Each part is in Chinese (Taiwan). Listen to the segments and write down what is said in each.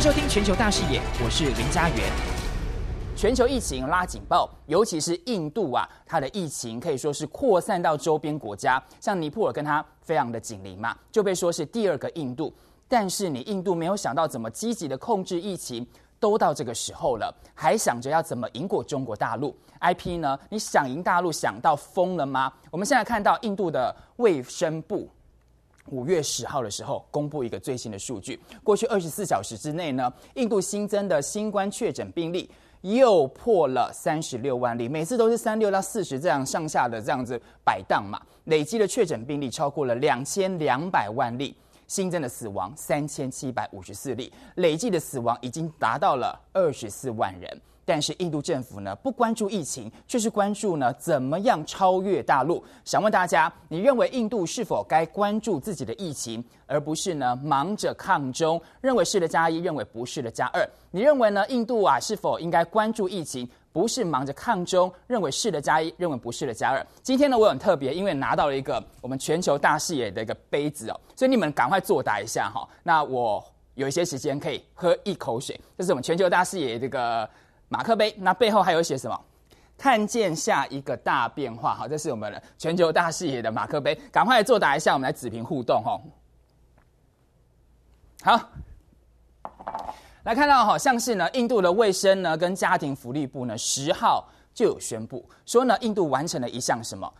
收聽全球大視野，我是林家源。全球疫情拉警報，尤其是印度啊，它的疫情可以說是擴散到周邊國家，像尼泊爾跟它非常的緊鄰嘛，就被說是第二個印度。但是你印度沒有想到怎麼積極的控制疫情，都到這個時候了，還想着要怎麼贏過中國大陸 IP 呢？你想贏大陸想到瘋了嗎？我們現在看到印度的衛生部。五月十號的時候，公布一個最新的數據。過去二十四小時之內呢，印度新增的新冠確診病例又破了三十六萬例，每次都是三六到四十這樣上下的這樣子擺盪嘛。累計的確診病例超過了兩千兩百萬例，新增的死亡三千七百五十四例，累計的死亡已經達到了二十四萬人。但是印度政府呢，不關注疫情，卻是關注呢，怎麼樣超越大陸。想問大家，你認為印度是否該關注自己的疫情，而不是呢，忙着抗中？認為是的加一，認為不是的加二。你認為呢？印度啊是否應該關注疫情，不是忙着抗中？認為是的加一，認為不是的加二。今天呢，我很特別，因為拿到了一個我們全球大視野的一個杯子哦，所以你們趕快作答一下哈。那我有一些時間可以喝一口水，這是我們全球大視野這個。馬克杯，那背後還有寫什麼？看見下一個大變化，好，這是我們的全球大視野的馬克杯，趕快來作答一下，我們來紙屏互動，好，來看到哈，像是呢，印度的衛生呢跟家庭福利部呢，十號就有宣布說呢，印度完成了一項什麼？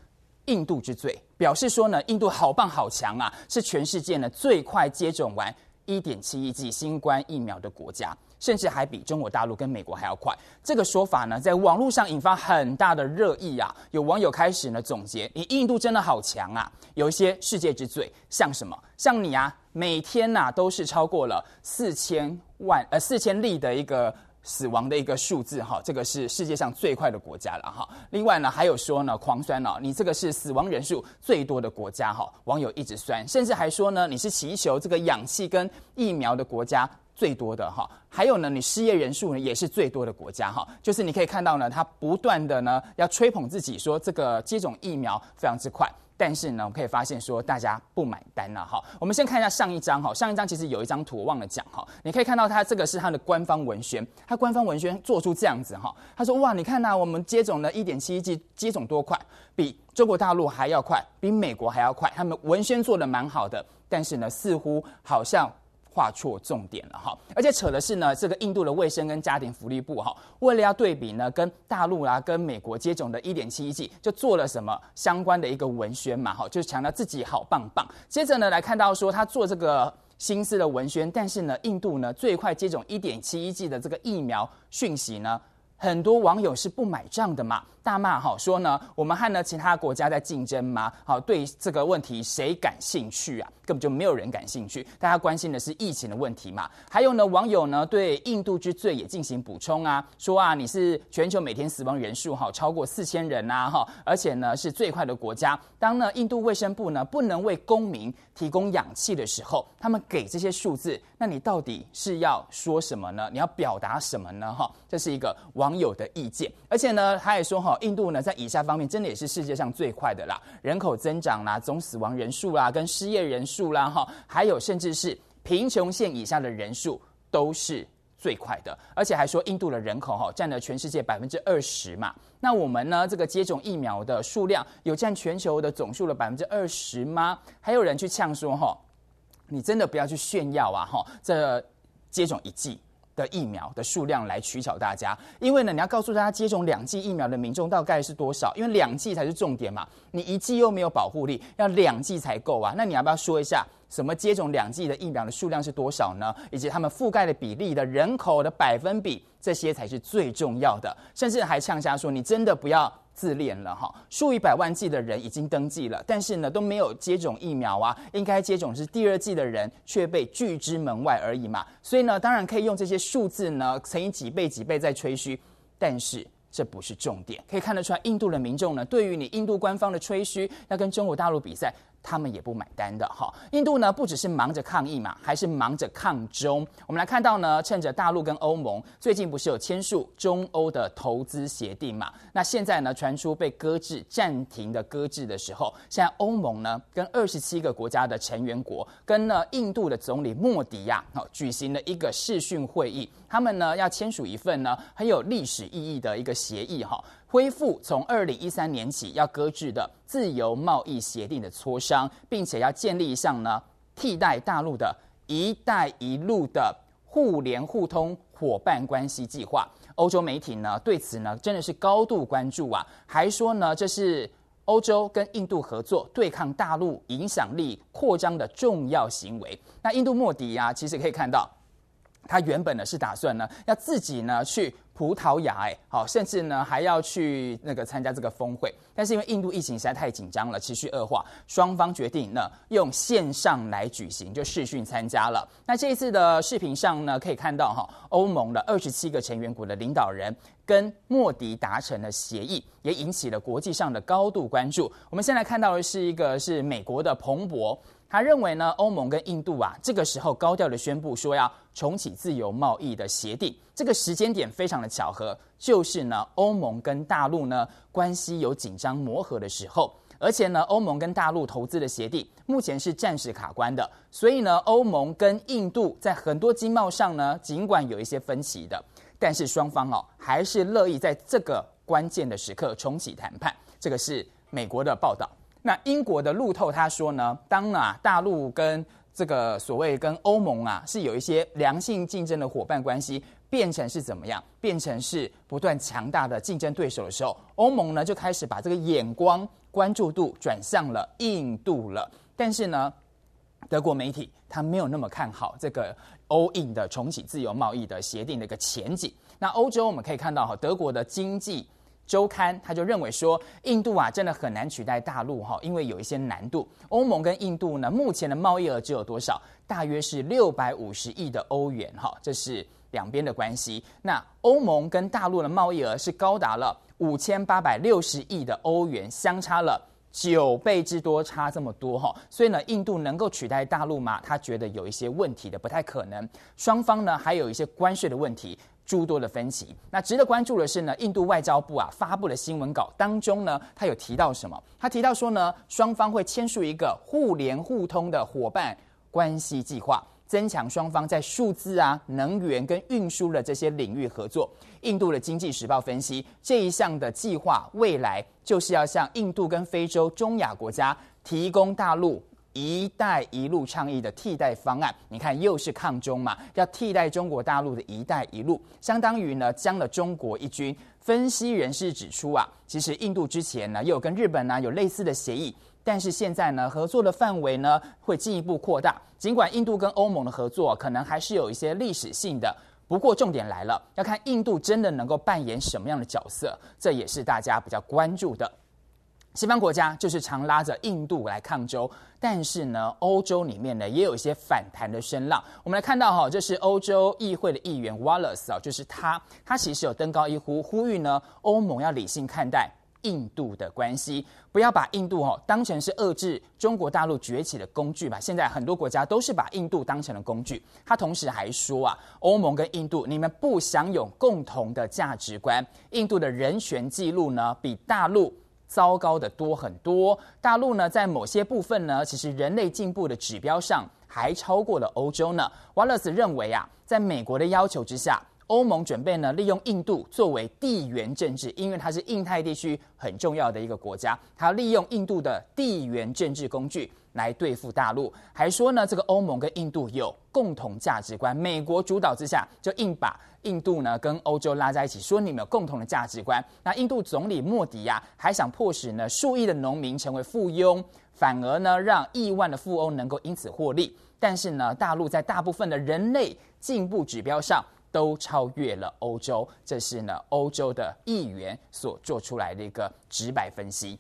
印度之最，表示說呢，印度好棒好強啊，是全世界呢最快接種完一點七億劑新冠疫苗的國家。甚至還比中國大陸跟美國還要快，這個說法呢，在網絡上引發很大的熱議啊。有網友開始呢總結：你印度真的好強啊！有一些世界之最，像什麼？像你啊，每天吶、啊、都是超過了四千萬呃四千例的一個死亡的一個數字哈，這個是世界上最快的國家了哈。另外呢，還有說呢，狂酸啊，你這個是死亡人數最多的國家哈。網友一直酸，甚至還說呢，你是祈求這個氧氣跟疫苗的國家。最多的哈，還有呢，你失業人數呢也是最多的國家哈，就是你可以看到呢，它不斷的呢要吹捧自己說這個接種疫苗非常之快，但是呢，我們可以發現說大家不買單了哈。我們先看一下上一張哈，上一張其實有一張圖我忘了講哈，你可以看到它這個是它的官方文宣，它官方文宣做出這樣子哈，他說哇，你看吶、啊，我們接種了一點七一億劑，接種多快，比中國大陸還要快，比美國還要快，他們文宣做的蠻好的，但是呢，似乎好像，畫錯重點了哈，而且扯的是呢，這個印度的衛生跟家庭福利部哈，為了要對比呢，跟大陸啦、啊、跟美國接種的一點七億劑，就做了什麼相關的一個文宣嘛哈，就是強調自己好棒棒。接着呢，來看到說他做這個新式的文宣，但是呢，印度呢最快接種一點七億劑的這個疫苗訊息呢。很多網友是不買賬的嘛，大罵哈說呢，我們和呢其他國家在競爭嗎？好，對這個問題誰感興趣啊？根本就沒有人感興趣，大家關心的是疫情的問題嘛。還有呢，網友呢對印度之最也進行補充啊，說啊，你是全球每天死亡人數哈超過四千人吶哈，而且呢是最快的國家。當呢印度衛生部呢不能為公民提供氧氣的時候，他們給這些數字，那你到底是要說什麼呢？你要表達什麼呢？哈，這是一個網友。朋友的意見，而且呢，他也說哈，印度呢在以下方面真的也是世界上最快的啦，人口增長啦、總死亡人數啦、跟失業人數啦哈，還有甚至是貧窮線以下的人數都是最快的，而且還說印度的人口哈佔了全世界百分之二十嘛，那我們呢這個接種疫苗的數量有佔全球的總數的百分之二十嗎？還有人去嗆說哈，你真的不要去炫耀啊哈，這接種一劑。的疫苗的數量來取巧大家，因為呢你要告訴大家接種兩劑疫苗的民眾大概是多少，因為兩劑才是重點嘛，你一劑又沒有保護力，要兩劑才夠啊。那你要不要說一下什麼接種兩劑的疫苗的數量是多少呢？以及他們覆蓋的比例的人口的百分比，這些才是最重要的。甚至還嗆聲說，你真的不要。自戀了哈，數以百萬計的人已經登記了，但是呢都沒有接種疫苗啊。應該接種是第二劑的人卻被拒之門外而已嘛。所以呢，當然可以用這些數字呢乘以幾倍幾倍在吹噓，但是這不是重點。可以看得出來，印度的民眾呢對於你印度官方的吹噓，那跟中國大陸比賽。他們也不買單的哈。印度呢，不只是忙着抗疫嘛，還是忙着抗中。我們來看到呢，趁着大陸跟歐盟最近不是有簽署中歐的投資協定嘛，那現在呢，傳出被擱置、暫停的擱置的時候，現在歐盟呢，跟二十七個國家的成員國，跟呢印度的總理莫迪呀，哦，舉行了一個視訊會議，他們呢要簽署一份呢很有歷史意義的一個協議哈。恢復從二零一三年起要擱置的自由貿易協定的磋商，並且要建立一項呢替代大陸的“一帶一路”的互聯互通夥伴關係計劃。歐洲媒體呢對此呢真的是高度關注啊，還說呢這是歐洲跟印度合作對抗大陸影響力擴張的重要行為。那印度莫迪啊其實可以看到。他原本呢是打算呢要自己呢去葡萄牙，誒，好，甚至呢還要去那個參加這個峰會，但是因為印度疫情實在太緊張了，持續惡化，雙方決定呢用線上來舉行，就視訊參加了。那這一次的視頻上呢可以看到哈，歐盟的二十七個成員國的領導人跟莫迪達成了協議，也引起了國際上的高度關注。我們現在看到的是一個是美國的彭博。他認為呢，歐盟跟印度啊，這個時候高調的宣布說要重啟自由貿易的協定，這個時間點非常的巧合，就是呢歐盟跟大陸呢關係有緊張磨合的時候，而且呢歐盟跟大陸投資的協定目前是暫時卡關的，所以呢歐盟跟印度在很多經貿上呢儘管有一些分歧的，但是雙方哦、喔、還是樂意在這個關鍵的時刻重啟談判，這個是美國的報道。那英國的路透他說呢，當啊大陸跟這個所謂跟歐盟啊是有一些良性競爭的夥伴關係，變成是怎麼樣？變成是不斷強大的競爭對手的時候，歐盟呢就開始把這個眼光關注度轉向了印度了。但是呢，德國媒體他沒有那麼看好這個歐印的重啟自由貿易的協定的一個前景。那歐洲我們可以看到哈，德國的經濟。週刊他就認為說，印度啊真的很難取代大陸哈，因為有一些難度。歐盟跟印度呢，目前的貿易額只有多少？大約是六百五十億的歐元哈，這是兩邊的關係。那歐盟跟大陸的貿易額是高達了五千八百六十億的歐元，相差了九倍之多，差這麼多哈。所以呢，印度能夠取代大陸嗎？他覺得有一些問題的，不太可能。雙方呢，還有一些關稅的問題。諸多的分歧。那值得關注的是呢，印度外交部啊發布了新聞稿，當中呢，他有提到什麼？他提到說呢，雙方會簽署一個互聯互通的伙伴關係計劃，增強雙方在數字啊、能源跟運輸的這些領域合作。印度的經濟時報分析，這一項的計劃未來就是要向印度跟非洲、中亞國家提供大陸。“一帶一路”倡議的替代方案，你看又是抗中嘛？要替代中國大陸的“一帶一路”，相當於呢將了中國一軍。分析人士指出啊，其實印度之前呢又有跟日本呢有類似的協議，但是現在呢合作的範圍呢會進一步擴大。盡管印度跟歐盟的合作啊，可能還是有一些歷史性的，不過重點來了，要看印度真的能夠扮演什麼樣的角色，這也是大家比較關注的。西方國家就是常拉着印度來抗中，但是呢，歐洲裡面呢也有一些反彈的聲浪。我們來看到哈，這是歐洲議會的議員 Wallace 啊，就是他，他其實有登高一呼，呼籲呢歐盟要理性看待印度的關係，不要把印度哈當成是遏制中國大陸崛起的工具吧。現在很多國家都是把印度當成了工具。他同時還說啊，歐盟跟印度你們不享有共同的價值觀，印度的人權記錄呢比大陸。糟糕的多很多。大陸呢，在某些部分呢，其實人類進步的指標上還超過了歐洲呢。瓦勒斯認為啊，在美國的要求之下，歐盟準備呢利用印度作為地緣政治，因為它是印太地區很重要的一個國家，它利用印度的地緣政治工具，來對付大陸，還說呢這個歐盟跟印度有共同價值觀，美國主導之下就硬把印度呢跟歐洲拉在一起，說你們有共同的價值觀。那印度總理莫迪呀、啊、還想迫使呢數億的農民成為附庸，反而呢讓億萬的富翁能夠因此獲利。但是呢大陸在大部分的人類進步指標上都超越了歐洲，這是呢歐洲的議員所做出來的一個直白分析。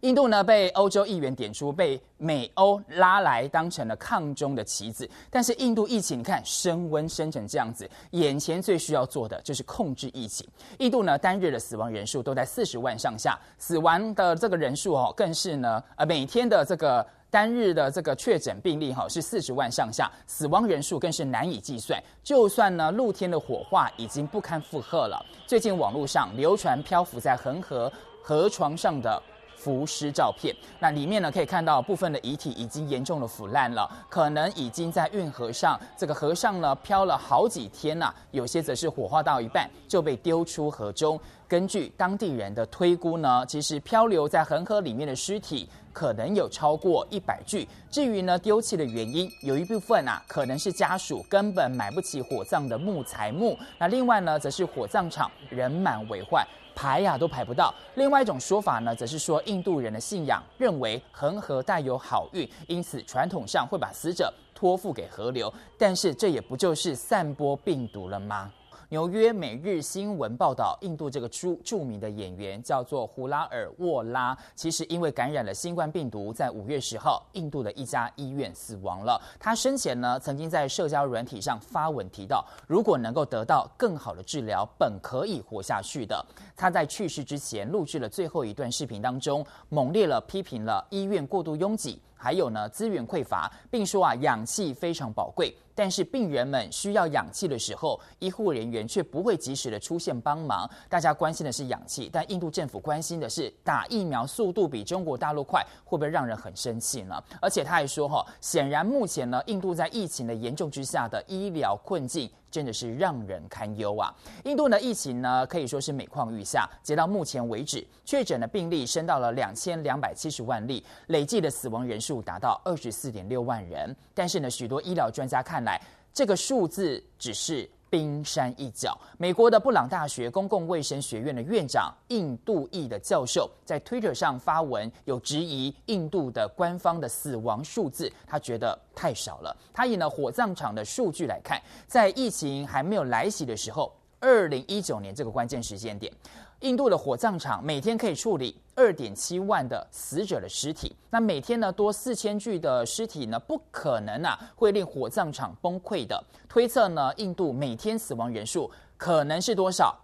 印度呢被歐洲議員點出被美歐拉來當成了抗中的棋子，但是印度疫情你看升溫升成這樣子，眼前最需要做的就是控制疫情。印度呢單日的死亡人數都在四十萬上下，死亡的這個人數哦，更是呢呃每天的這個單日的這個確診病例哈是四十萬上下，死亡人數更是難以計算。就算呢露天的火化已經不堪負荷了，最近網絡上流傳漂浮在恆河河床上的。浮屍照片，那裡面呢可以看到部分的遺體已經嚴重的腐爛了，可能已經在運河上這個河上呢漂了好幾天了、啊，有些則是火化到一半就被丟出河中。根據當地人的推估呢，其實漂流在恆河裡面的屍體可能有超過一百具。至於呢丟棄的原因，有一部分啊可能是家屬根本買不起火葬的木材木，那另外呢則是火葬場人滿為患。排呀，啊，都排不到。另外一種說法呢，則是說印度人的信仰認為恆河帶有好運，因此傳統上會把死者托付給河流。但是這也不就是散播病毒了嗎？紐約每日新聞報道，印度這個著著名的演員叫做胡拉爾沃拉，其實因為感染了新冠病毒，在五月十號，印度的一家醫院死亡了。他生前呢，曾經在社交軟體上發文提到，如果能夠得到更好的治療，本可以活下去的。他在去世之前錄制了最後一段視頻，當中猛烈地批評了醫院過度擁擠，還有呢資源匱乏，並說啊氧氣非常寶貴。但是病人們需要氧氣的時候，醫護人員卻不會及時的出現幫忙。大家關心的是氧氣，但印度政府關心的是打疫苗速度比中國大陸快，會不會讓人很生氣呢？而且他還說，哈，顯然目前呢，印度在疫情的嚴重之下的醫療困境真的是讓人堪憂啊。印度的疫情呢，可以說是每況愈下，截到目前為止，確診的病例升到了兩千兩百七十萬例，累計的死亡人數達到二十四點六萬人。但是呢，許多醫療專家看。來，這個數字只是冰山一角。美國的布朗大學公共衛生學院的院長、印度裔的教授在推特上發文，有質疑印度的官方的死亡數字，他覺得太少了。他以呢火葬場的數據來看，在疫情還沒有來襲的時候，二零一九年這個關鍵時間點，印度的火葬場每天可以處理。二點七萬的死者的屍體，那每天呢多四千具的屍體呢，不可能啊會令火葬場崩潰的。推測呢，印度每天死亡人數可能是多少？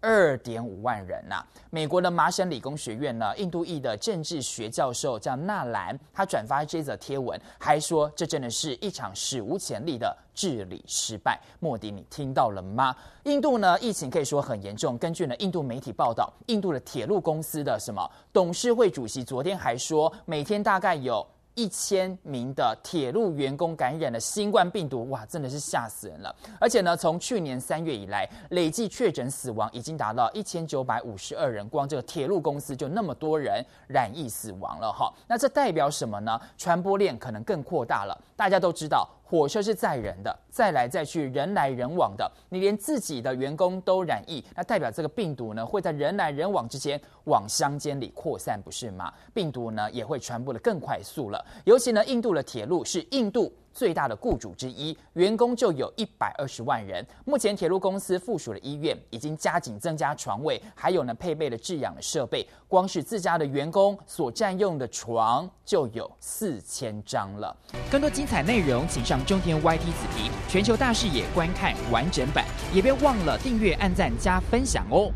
二點五萬人吶、啊！美國的麻省理工學院呢，印度裔的政治學教授叫納蘭，他轉發這則貼文，還說這真的是一場史無前例的治理失敗。莫迪，你聽到了嗎？印度呢，疫情可以說很嚴重。根據呢，印度媒體報道，印度的鐵路公司的什麼董事會主席昨天還說，每天大概有。一千名的鐵路員工感染了新冠病毒，哇，真的是嚇死人了！而且呢，從去年三月以來，累計確診死亡已經達到一千九百五十二人，光這個鐵路公司就那麼多人染疫死亡了哈。那這代表什麼呢？傳播鏈可能更擴大了，大家都知道。火車是載人的，載來載去，人來人往的，你連自己的員工都染疫，那代表這個病毒呢，會在人來人往之間往鄉間裡擴散，不是嗎？病毒呢也會傳播的更快速了。尤其呢，印度的鐵路是印度最大的僱主之一，員工就有一百二十萬人。目前，鐵路公司附屬的醫院已經加緊增加床位，還有呢，配備了制氧的設備。光是自家的員工所占用的床就有四千張了。更多精彩內容，請上中天 Y T 子皮全球大視野觀看完整版。也別忘了訂閱、按讚加分享哦。